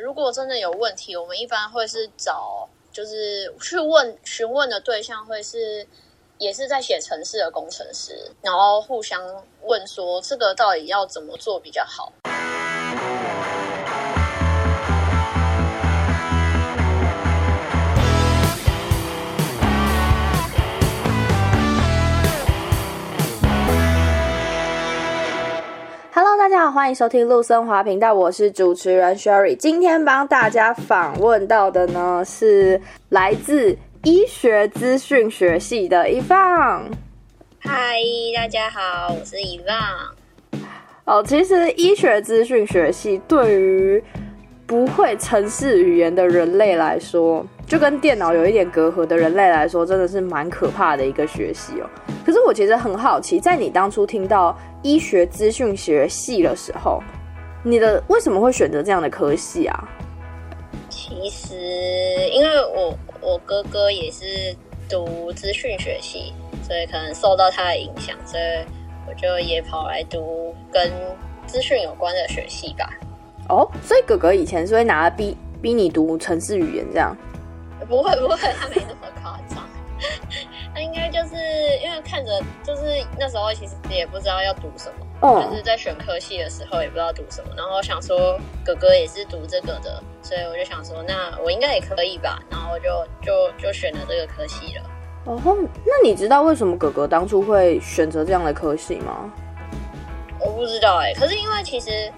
如果真的有問題，我們一般會是找，就是去問詢問的對象，會是也是在寫程式的工程師，然後互相問說這個到底要怎麼做比較好。大家好，歡迎收聽路森華頻道，我是主持人 Sherry。今天幫大家訪問到的呢是來自醫學資訊學系的 Yvonne。嗨，大家好，我是 Yvonne。哦，其實醫學資訊學系對於不會程式語言的人類來說。就跟電腦有一點隔閡的人類來說，真的是蠻可怕的一個學系哦。可是我其實很好奇，在你當初聽到醫學資訊學系的時候，你的為什麼會選擇這樣的科系啊？其實因為我我哥哥也是讀資訊學系，所以可能受到他的影響，所以我就也跑來讀跟資訊有關的學系吧。哦，所以哥哥以前是會拿逼逼你讀程式語言這樣。 不會不會，他沒那麼誇張。 他應該就是因為看着，就是那時候其實也不知道要讀什麼，嗯，就是在選科系的時候也不知道讀什麼，然後想說哥哥也是讀這個的，所以我就想說那我應該也可以吧，然後就就就選了這個科系了。哦，那你知道為什麼哥哥當初會選擇這樣的科系嗎？我不知道哎，欸，可是因為其實。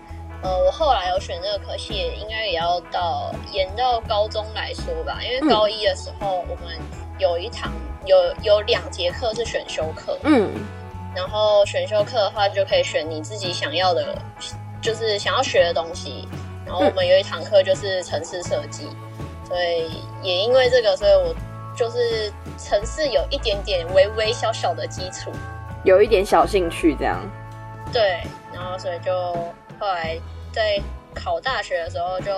呃，我後來有選這個科系，應該也要到延到高中來說吧，因為高一的時候、嗯、我們有一堂有有兩節課是選修課，嗯，然後選修課的話就可以選你自己想要的，就是想要學的東西。然後我們有一堂課就是程式設計，所以也因為這個，所以我就是程式有一點點微微小小的基礎，有一點小興趣這樣。對，然後所以就。後來在考大學的時候就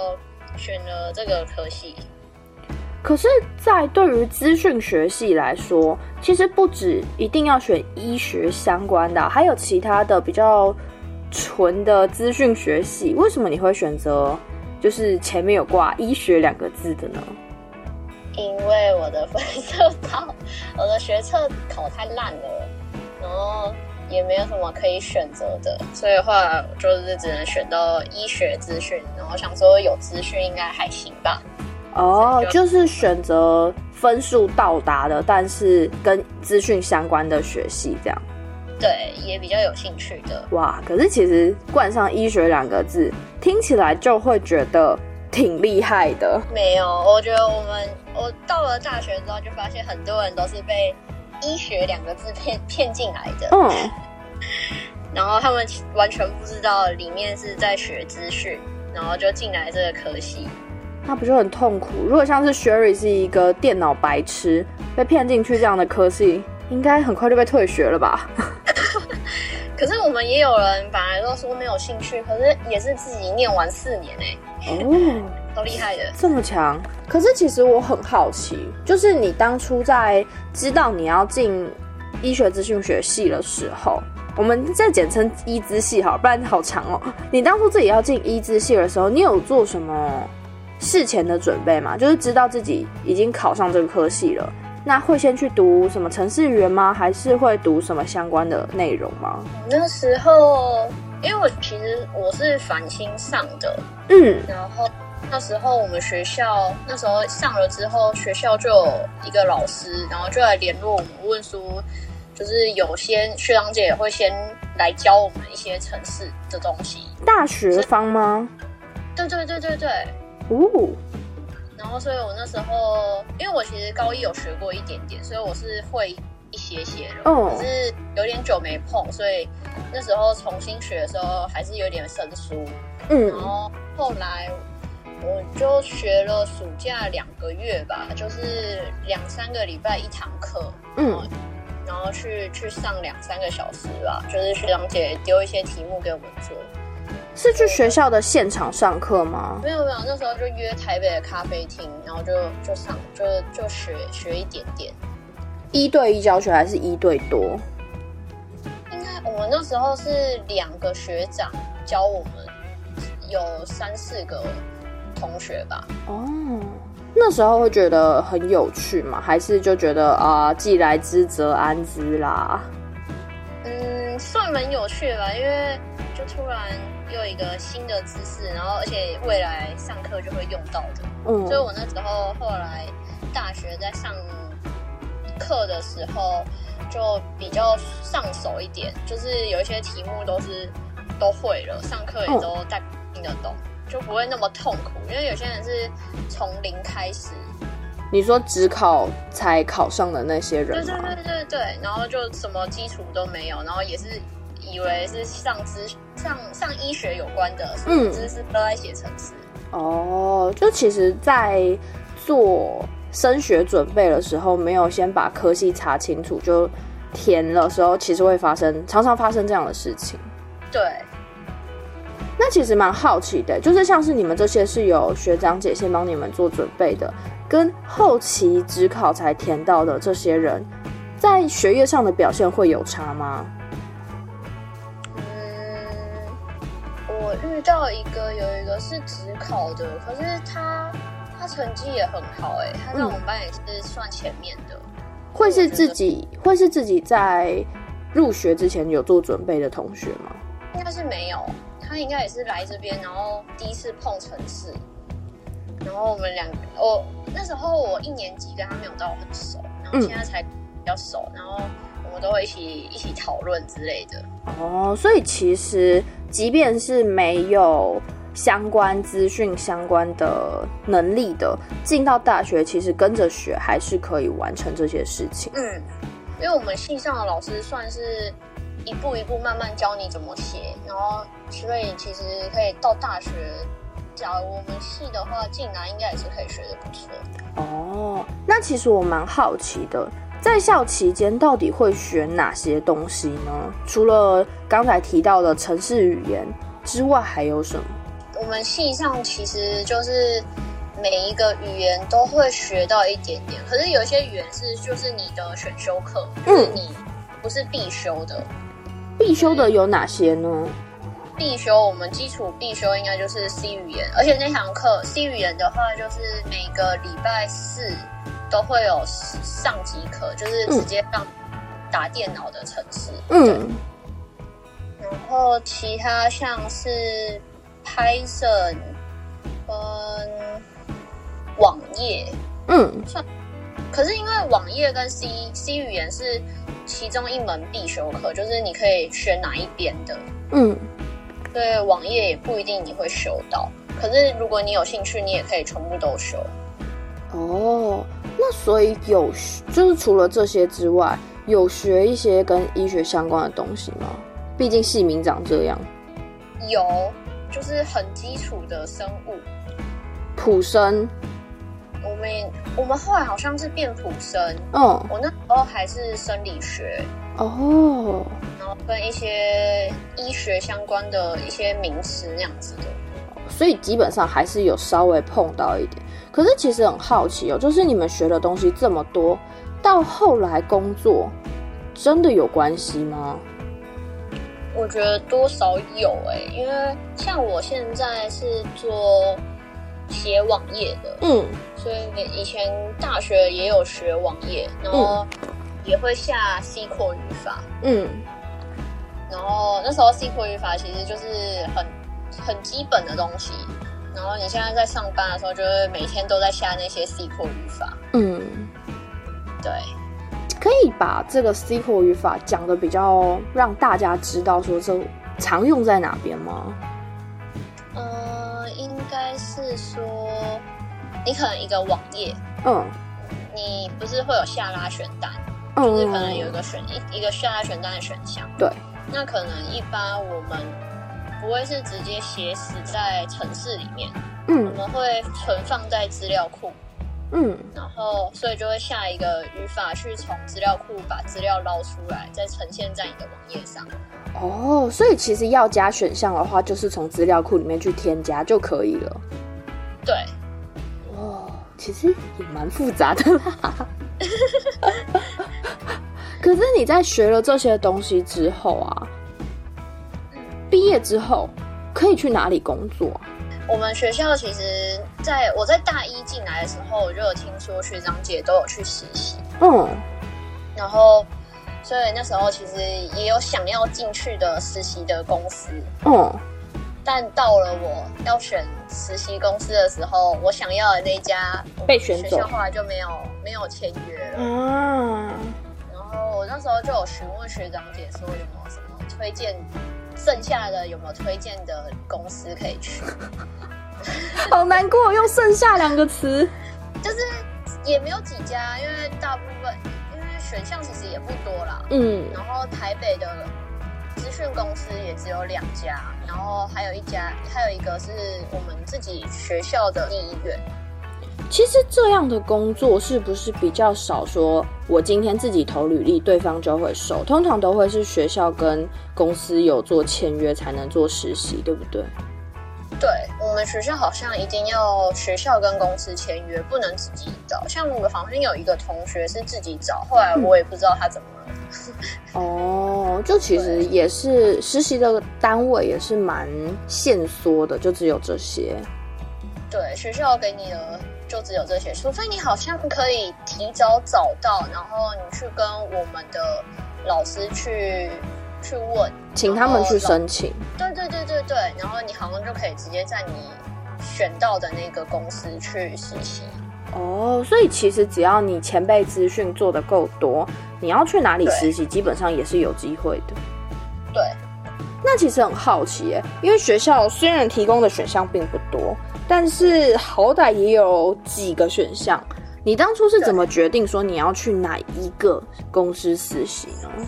選了這個科系。可是，在對於資訊學系來說，其實不只一定要選醫學相關的，還有其他的比較純的資訊學系。為什麼你會選擇就是前面有掛醫學兩個字的呢？因為我的分數考，我的學測考太爛了，然後。也沒有什麼可以選擇的，所以的話就是只能選到醫學資訊，然後想說有資訊應該還行吧？哦，就，就是選擇分數到達的，但是跟資訊相關的學系這樣。對，也比較有興趣的。哇，可是其實冠上“醫學”兩個字，聽起來就會覺得挺厲害的。沒有，我覺得我們我到了大學之後，就發現很多人都是被醫學兩個字騙騙進來的，嗯， 然後他們完全不知道裡面是在學資訊，然後就進來這個科系，那、啊、不就很痛苦？如果像是 Sherry 是一個電腦白痴被騙進去這樣的科系，應該很快就被退學了吧？ 可是我們也有人本來都說沒有興趣，可是也是自己念完四年哎，哦， 好厲害，的這麼強。可是其實我很好奇，就是你當初在知道你要進醫學資訊學系的時候，我們再簡稱醫資系好，不然好長哦。你當初自己要進醫資系的時候，你有做什麼事前的準備嗎？就是知道自己已經考上這個科系了。那會先去讀什麼程式語言嗎？還是會讀什麼相關的內容嗎？嗯？我那時候，因為我其實我是繁星上的，嗯，然後那時候我們學校那時候上了之後，學校就有一個老師，然後就來聯絡我們問書，問說就是有些學長姐也會先來教我們一些程式的東西，大學方嗎？對，對對對對對，哦。然後，所以我那時候，因為我其實高一有學過一點點，所以我是會一些些的。Oh. 可是有點久沒碰，所以那時候重新學的時候還是有點生疏。嗯、mm.，然後後來我就學了暑假兩個月吧，就是兩三個禮拜一堂課，嗯、mm.，然後去去上兩三個小時吧，就是學長姐丟一些題目給我們做。是去學校的現場上課嗎？沒有沒有，那時候就約台北的咖啡廳，然後就就上就就學學一點點。一對一教學還是一對多？應該我們那時候是兩個學長教我們，有三四個同學吧。哦，那時候會覺得很有趣嗎？還是就覺得啊、呃，既來之則安之啦。嗯，算蠻有趣的吧，因為。突然又有一個新的知識，然後而且未來上課就會用到的，嗯，所以我那時候後來大學在上課的時候就比較上手一點，就是有一些題目都是都會了，上課也都、嗯、聽得懂，就不會那麼痛苦。因為有些人是從零開始，你說只考才考上的那些人，對對對對對，然後就什麼基礎都沒有，然後也是。以為是上知上上醫學有關的，在嗯，只是不愛寫程式。哦，就其實，在做升學準備的時候，沒有先把科系查清楚，就填的時候，其實會發生，常常發生這樣的事情。對。那其實蠻好奇的，就是像是你們這些是有學長姐先幫你們做準備的，跟後期指考才填到的這些人，在學業上的表現會有差嗎？遇到一個有一個是指考的，可是他他成績也很好、欸，哎，他在我們班也是算前面的。嗯、會是自己會是自己在入學之前有做準備的同學嗎？應該是沒有，他應該也是來這邊，然後第一次碰程式，然後我們兩個，我、哦、那時候我一年級跟他沒有到很熟，然後現在才比較熟，嗯、然後我們都會一起一起討論之類的。哦，所以其實。即便是沒有相關資訊、相關的能力的，進到大學其實跟着學還是可以完成這些事情。嗯，因為我們系上的老師算是一步一步慢慢教你怎麼寫，然後所以其實可以到大學，找我們系的話進來應該也是可以學得不錯的。哦，那其實我蠻好奇的。在校期間到底會學哪些東西呢？除了剛才提到的程式語言之外，還有什麼？我們系上其實就是每一個語言都會學到一點點，可是有一些語言是就是你的選修課，嗯，就是、你不是必修的。必修的有哪些呢？必修我們基礎必修應該就是 C 語言，而且那堂課 C 語言的話就是每個禮拜四。都會有上機課，就是直接放打電腦的程式。嗯，然後其他像是 Python 跟網頁，嗯，可是因為網頁跟 C C 語言是其中一門必修課，就是你可以選哪一邊的。嗯，對，網頁也不一定你會修到，可是如果你有興趣，你也可以全部都修。哦，那所以有就是除了這些之外，有學一些跟醫學相關的東西嗎？畢竟系名長這樣。有，就是很基礎的生物、普生。我們我們後來好像是變普生，嗯，我那時候還是生理學。哦，然後跟一些醫學相關的一些名詞那樣子的，所以基本上還是有稍微碰到一點。可是其實很好奇哦、喔，就是你們學的東西這麼多，到後來工作，真的有關係嗎？我覺得多少有哎、欸，因為像我現在是做寫網頁的，嗯，所以以前大學也有學網頁，然後也會下 C 括語法，嗯，然後那時候 C 括語法其實就是很很基本的東西。然後你現在在上班的時候，就是每天都在下那些 SQL 語法。嗯，對，可以把這個 SQL 語法講得比較讓大家知道，說這常用在哪邊嗎？嗯，應該是說你可能一個網頁，嗯，你不是會有下拉選單，嗯、就是可能有一個選一一個下拉選單的選項。對，那可能一般我們。不會是直接寫死在程式裡面，嗯，我們會存放在資料庫，嗯，然後所以就會下一個語法去從資料庫把資料撈出來，再呈現在你的網頁上。哦，oh,，所以其實要加選項的話，就是從資料庫裡面去添加就可以了。對，哦，oh,，其實也蠻複雜的啦。 可是你在學了這些東西之後啊。畢業之後可以去哪裡工作？我們學校其實在我在大一進來的時候，我就有聽說學長姐都有去實習，嗯，然後所以那時候其實也有想要進去的實習的公司，嗯，但到了我要選實習公司的時候，我想要的那家被選走、嗯、學校後來就沒有沒有簽約了，嗯，然後我那時候就有詢問學長姐說有沒有什麼推薦。剩下的有沒有推薦的公司可以去 ？好難過， 用剩下兩個詞，就是也沒有幾家，因為大部分因為選項其實也不多啦。嗯，然後台北的資訊公司也只有兩家，然後還有一家，還有一個是我們自己學校的醫院。其實這樣的工作是不是比較少？說我今天自己投履歷，對方就會收？通常都會是學校跟公司有做簽約才能做實習，對不對？對，我們學校好像一定要學校跟公司簽約，不能自己找。像我們房間有一個同學是自己找，後來我也不知道他怎麼了。哦、嗯， oh, 就其實也是實習的單位也是蠻限縮的，就只有這些。對，學校給你的。就只有這些，除非你好像可以提早找到，然後你去跟我們的老師去去問，請他們去申請。對對對對對，然後你好像就可以直接在你選到的那個公司去實習。哦，所以其實只要你前輩資訊做得夠多，你要去哪裡實習，基本上也是有機會的。那其實很好奇，欸，因為學校雖然提供的選項並不多，但是好歹也有幾個選項。你當初是怎麼決定說你要去哪一個公司實習呢？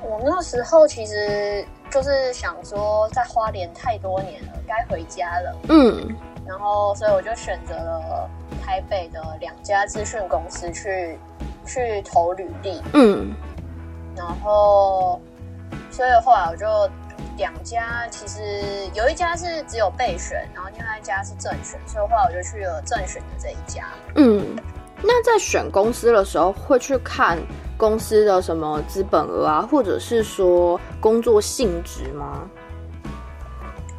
我那時候其實就是想說，在花蓮太多年了，該回家了。嗯。然後，所以我就選擇了台北的兩家資訊公司去去投履歷。嗯。然後，所以後來我就。兩家其實有一家是只有備選，然後另外一家是正選，所以後來我就去了正選的這一家。嗯，那在選公司的時候會去看公司的什麼資本額啊，或者是說工作性質嗎？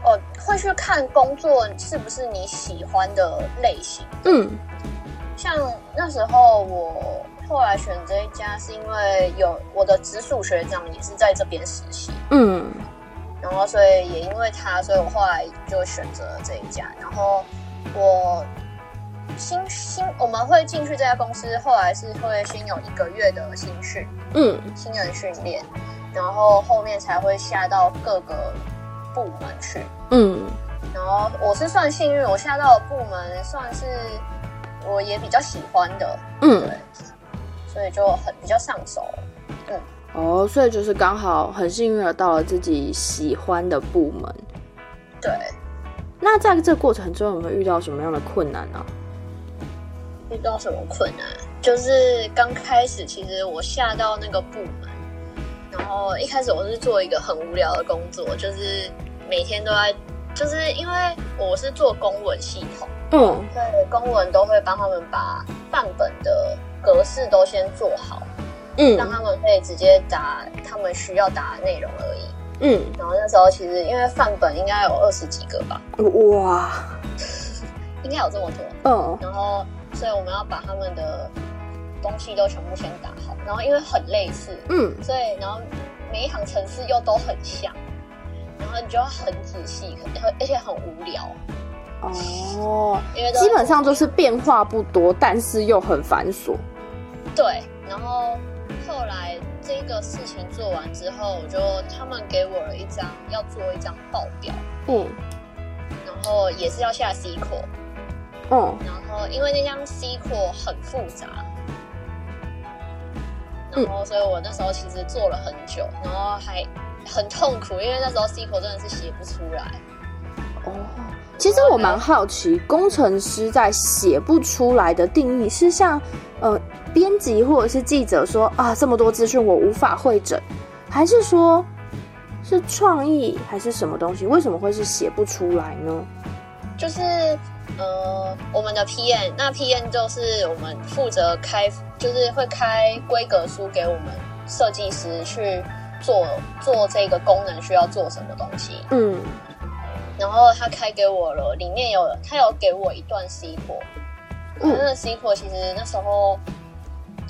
哦，會去看工作是不是你喜歡的類型。嗯，像那時候我後來選這一家是因為有我的直屬學長也是在這邊實習。嗯。然後，所以也因為他，所以我後來就選擇了這一家。然後我新新我們會進去這家公司，後來是會先有一個月的新訓，嗯，新人訓練，然後後面才會下到各個部門去，嗯。然後我是算幸運，我下到的部門算是我也比較喜歡的，對，嗯，所以就很比較上手，嗯。哦，所以就是剛好很幸運的到了自己喜歡的部門，對。那在這個過程中有沒有遇到什麼樣的困難呢？遇到什麼困難？就是剛開始，其實我下到那個部門，然後一開始我是做一個很無聊的工作，就是每天都在，就是因為我是做公文系統，嗯，對，公文都會幫他們把範本的格式都先做好。嗯、讓他們可以直接答他們需要答的內容而已。嗯，然後那時候其實因為範本應該有二十幾個吧？哇， 應該有這麼多。嗯、呃，然後所以我們要把他們的東西都全部先打好，然後因為很類似，嗯，所以然後每一行程式，又都很像，然後你就要很仔細，而且很無聊。哦，因為基本上就是變化不多，但是又很繁瑣。對，然後。後來這個事情做完之後，我就他們給我了一張要做一張報表，嗯，然後也是要下 SQL，嗯，然後因為那張 SQL 很複雜，嗯，然後所以我那時候其實做了很久，嗯，然後還很痛苦，因為那時候 SQL 真的是寫不出來。哦，其實我蠻好奇，嗯，工程師在寫不出來的定義是像呃。編輯或者是記者說啊，這麼多資訊我無法彙整，還是說是創意還是什麼東西？為什麼會是寫不出來呢？就是呃，我們的 PM，那 PM 就是我們負責開，就是會開規格書給我們設計師去做，做這個功能需要做什麼東西。嗯。然後他開給我了，裡面有他有給我一段 CPO，那 CPO 其實那時候。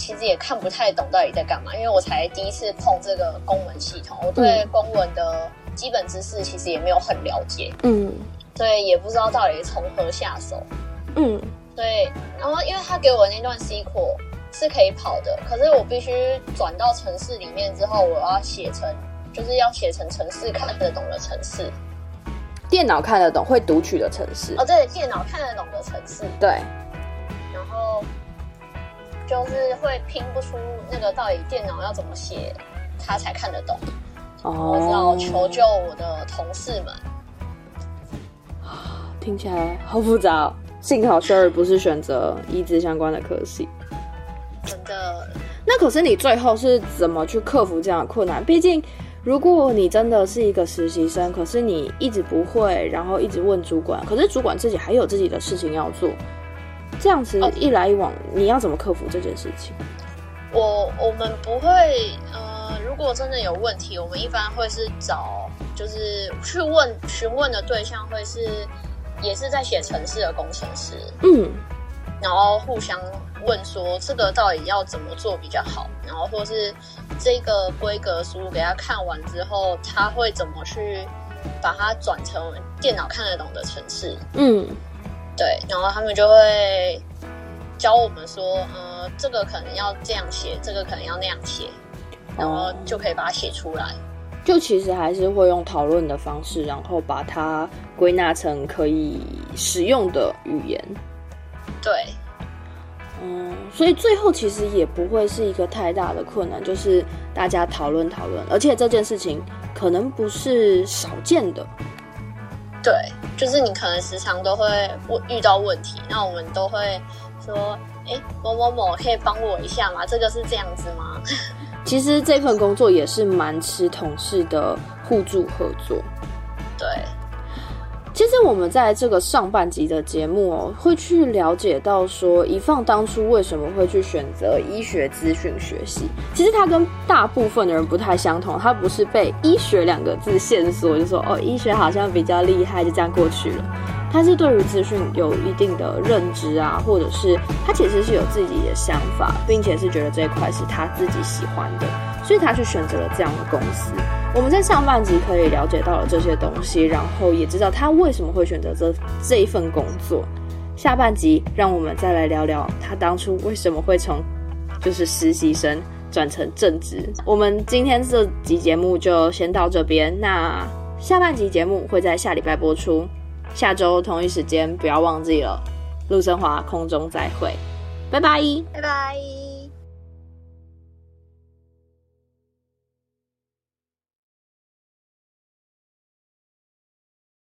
其實也看不太懂到底在幹嘛，因為我才第一次碰這個公文系統，我對公文的基本知識其實也沒有很了解。嗯，對、嗯，所以也不知道到底從何下手。嗯，對，然後因為他給我那段 C 擴是可以跑的，可是我必須轉到城市裡面之後，我要寫成，就是要寫成城市看得懂的城市，電腦看得懂會讀取的城市。哦，對，電腦看得懂的城市，對，然後。就是會拼不出那個到底電腦要怎麼寫，他才看得懂。Oh. 我只好求救我的同事們。聽起來好複雜。幸好 Sherry 不是選擇醫資相關的科系，真的。那可是你最後是怎麼去克服這樣的困難？畢竟，如果你真的是一個實習生，可是你一直不會，然後一直問主管，可是主管自己還有自己的事情要做。這樣子一來一往，okay. 你要怎麼克服這件事情？我我們不會，呃，如果真的有問題，我們一般會是找，就是去問詢問的對象會是，也是在寫程式的工程師，嗯，然後互相問說這個到底要怎麼做比較好，然後或是這個規格書給他看完之後，他會怎麼去把它轉成電腦看得懂的程式，嗯。對，然後他們就會教我們說，呃，這個可能要這樣寫，這個可能要那樣寫，然後就可以把它寫出來。嗯，就其實還是會用討論的方式，然後把它歸納成可以使用的語言。對，嗯，所以最後其實也不會是一個太大的困難，就是大家討論討論，而且這件事情可能不是少見的。對。就是你可能時常都會問遇到問題，那我們都會說，誒、欸，某某某可以幫我一下嗎？這個是這樣子嗎？ 其實這份工作也是蠻吃同事的互助合作。對。其實我們在這個上半集的節目哦，會去了解到說，Yvonne 當初為什麼會去選擇醫學資訊學系。其實他跟大部分的人不太相同，他不是被“醫學”兩個字線索就是說，哦，醫學好像比較厲害，就這樣過去了。他是對於資訊有一定的認知啊，或者是他其實是有自己的想法，並且是覺得這一塊是他自己喜歡的。所以他去選擇了這樣的公司。我們在上半集可以了解到了這些東西，然後也知道他為什麼會選擇這這份工作。下半集讓我們再來聊聊他當初為什麼會從就是實習生轉成正職。我們今天這集節目就先到這邊，那下半集節目會在下禮拜播出，下周同一時間不要忘記了。路森華空中再會，拜拜，拜拜。